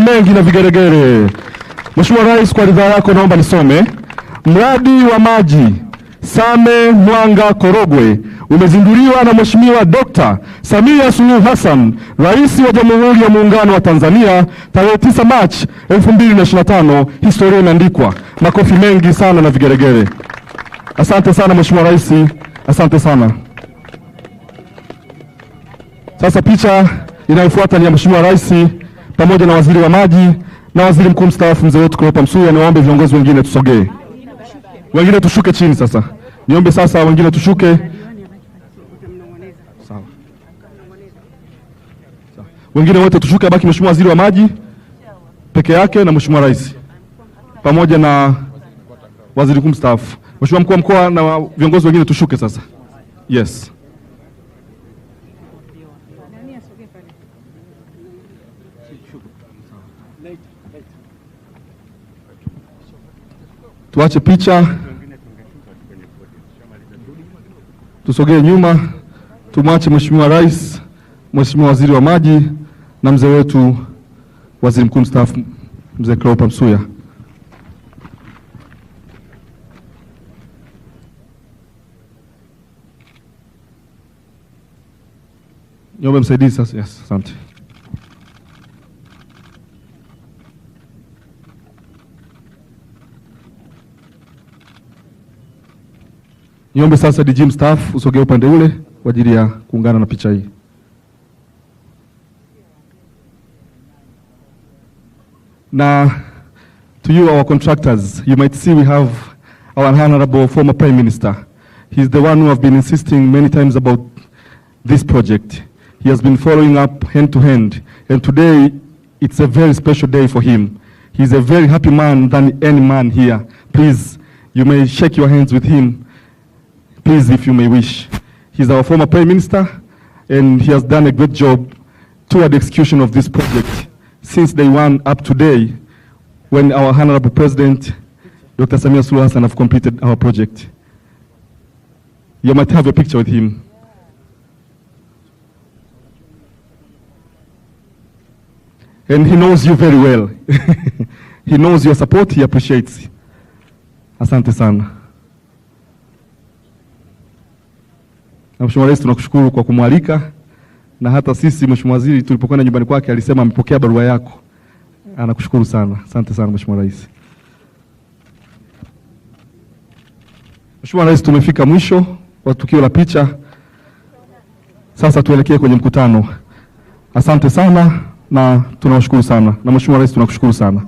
mengi na vigeregere. Mheshimiwa Rais, kwa ridhaa yako naomba nisome mradi wa maji Same Mwanga Korogwe umezinduliwa na Mheshimiwa Dr. Samia Suluhu Hassan, Rais wa Jamhuri ya Muungano wa Tanzania tarehe 9 Machi 2025. Historia imeandikwa. Makofi mengi sana na vigeregere. Asante sana Mheshimiwa Rais, asante sana. Sasa picha inayofuata ni ya Mheshimiwa Rais pamoja na waziri wa maji na waziri mkuu mstaafu mzee wetu Cleopa Msuya. Niwaombe viongozi wengine tusogee, wengine tushuke chini. Sasa niombe sasa wengine tushuke, sawa, wengine wote tushuke, abaki mheshimiwa waziri wa maji peke yake na mheshimiwa rais pamoja na waziri mkuu mstaafu, mheshimiwa mkuu wa mkoa na viongozi wengine tushuke sasa. Yes. Tuache picha, tusogee nyuma, tumwache Mheshimiwa Rais, Mheshimiwa Waziri wa Maji na mzee wetu Waziri Mkuu mstaafu Mzee Cleopa Msuya. Niombe msaidizi sasa. Yes, asante. Niombe sasa DG staff usogee upande ule kwa ajili ya kuungana na picha hii. Na to you our contractors, you might see we have our honorable former prime minister. He's the one who have been insisting many times about this project. He has been following up hand to hand and today it's a very special day for him. He's a very happy man than any man here. Please, you may shake your hands with him. please, if you may wish. He's our former Prime Minister, and he has done a great job toward the execution of this project since day one up today, when our Honorable President, Dr. Samir Sulu have completed our project. You might have a picture with him. And he knows you very well. he knows your support, he appreciates. Asante sana. Na Mheshimiwa Rais tunakushukuru kwa kumwalika na hata sisi Mheshimiwa Waziri tulipokwenda nyumbani kwake alisema amepokea barua yako. Anakushukuru sana. Asante sana Mheshimiwa Rais. Mheshimiwa Rais, tumefika mwisho wa tukio la picha. Sasa tuelekee kwenye mkutano. Asante sana na tunawashukuru sana. Na Mheshimiwa Rais tunakushukuru sana.